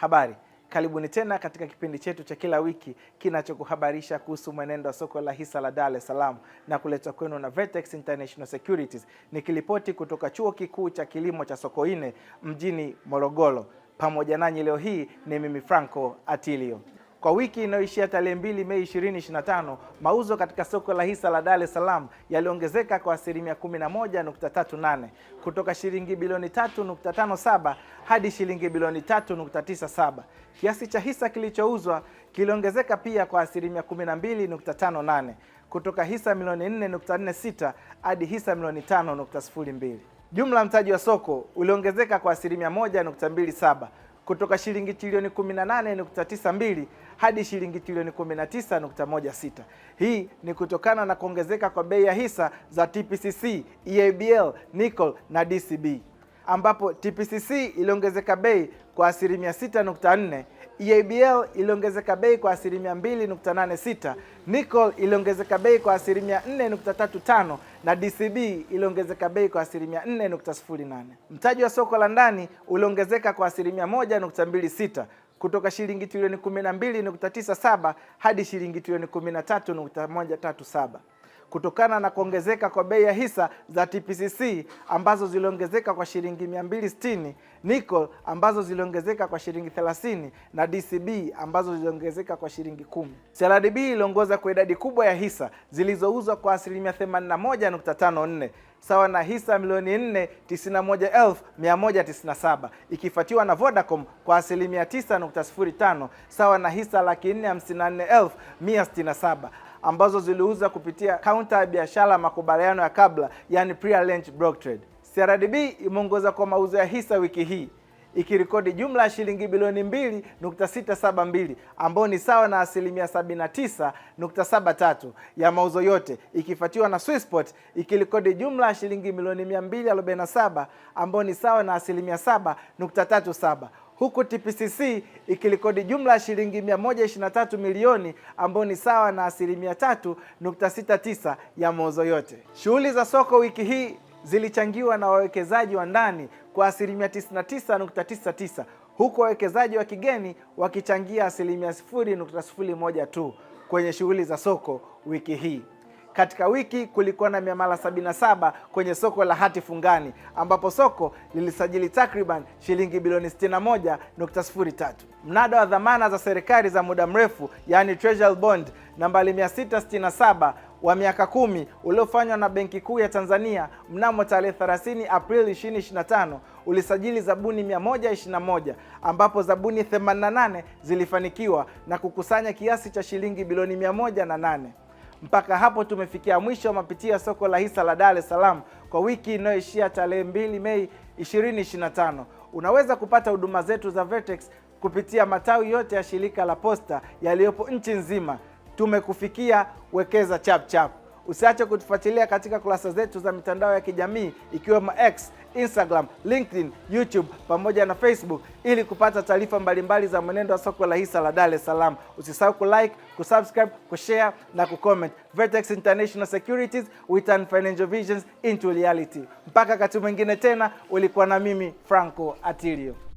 Habari, karibuni tena katika kipindi chetu cha kila wiki kinachokuhabarisha kuhusu mwenendo wa soko la hisa la Dar es Salaam na kuletwa kwenu na Vertex International Securities, nikilipoti kutoka chuo kikuu cha kilimo cha Sokoine mjini Morogoro. Pamoja nanyi leo hii ni mimi Franco Atilio. Kwa wiki inayoishia tarehe mbili Mei 2025, mauzo katika soko la hisa la Dar es Salaam yaliongezeka kwa asilimia 11.38 kutoka shilingi bilioni 3.57 hadi shilingi bilioni 3.97. Kiasi cha hisa kilichouzwa kiliongezeka pia kwa asilimia 12.58 kutoka hisa milioni 4.46 hadi hisa milioni 5.02. Jumla mtaji wa soko uliongezeka kwa asilimia 1.27 kutoka shilingi trilioni 18.92 hadi shilingi trilioni 19.16. Hii ni kutokana na kuongezeka kwa bei ya hisa za TPCC, EABL, Nickel na DCB ambapo TPCC iliongezeka bei kwa asilimia 6.4 EIBL iliongezeka bei kwa asilimia 2.86, nicol iliongezeka bei kwa asilimia 4.35 na DCB iliongezeka bei kwa asilimia 4.08. Mtaji wa soko la ndani uliongezeka kwa asilimia 1.26 kutoka shilingi trilioni 12.97 hadi shilingi trilioni 13.137 kutokana na kuongezeka kwa bei ya hisa za TPCC ambazo ziliongezeka kwa shilingi 260, Nickel ambazo ziliongezeka kwa shilingi 30 na DCB ambazo ziliongezeka kwa shilingi 10. CRDB iliongoza kwa idadi kubwa ya hisa zilizouzwa kwa asilimia 81.54 sawa na hisa milioni 491,197 ikifuatiwa na Vodacom kwa asilimia 9.05 sawa na hisa laki 454,167 ambazo ziliuza kupitia kaunta ya biashara ya makubaliano ya kabla, yani pre-arranged block trade. CRDB imeongoza kwa mauzo ya hisa wiki hii ikirekodi jumla ya shilingi bilioni 2.672 ambayo ni sawa na asilimia 79.73 ya mauzo yote, ikifuatiwa na Swissport ikirekodi jumla ya shilingi milioni 247 ambayo ni sawa na asilimia 7.37 huku TPCC ikirekodi jumla ya shilingi 123 milioni ambayo ni sawa na asilimia 3.69 ya mauzo yote. Shughuli za soko wiki hii zilichangiwa na wawekezaji wa ndani kwa asilimia 99.99 huku wawekezaji wa kigeni wakichangia asilimia 0.01 tu kwenye shughuli za soko wiki hii. Katika wiki kulikuwa na miamala 77 kwenye soko la hati fungani ambapo soko lilisajili takriban shilingi bilioni 61.03. Mnada wa dhamana za serikali za muda mrefu yaani treasury bond nambari 667 wa miaka kumi uliofanywa na Benki Kuu ya Tanzania mnamo tarehe 30 Aprili 2025 ulisajili zabuni 121 ambapo zabuni 88 zilifanikiwa na kukusanya kiasi cha shilingi bilioni 108. Mpaka hapo tumefikia mwisho wa mapitio ya soko la hisa la Dar es Salaam kwa wiki inayoishia tarehe 2 Mei 2025. Unaweza kupata huduma zetu za Vertex kupitia matawi yote ya shirika la posta yaliyopo nchi nzima. Tumekufikia, wekeza chap chap. Usiache kutufuatilia katika kurasa zetu za mitandao ya kijamii ikiwemo X Instagram, LinkedIn, YouTube pamoja na Facebook ili kupata taarifa mbalimbali za mwenendo wa soko la hisa la Dar es Salaam. Usisahau kulike, kusubscribe, kushare na kucomment. Vertex International Securities, we turn financial visions into reality. Mpaka wakati mwingine tena, ulikuwa na mimi Franco Atilio.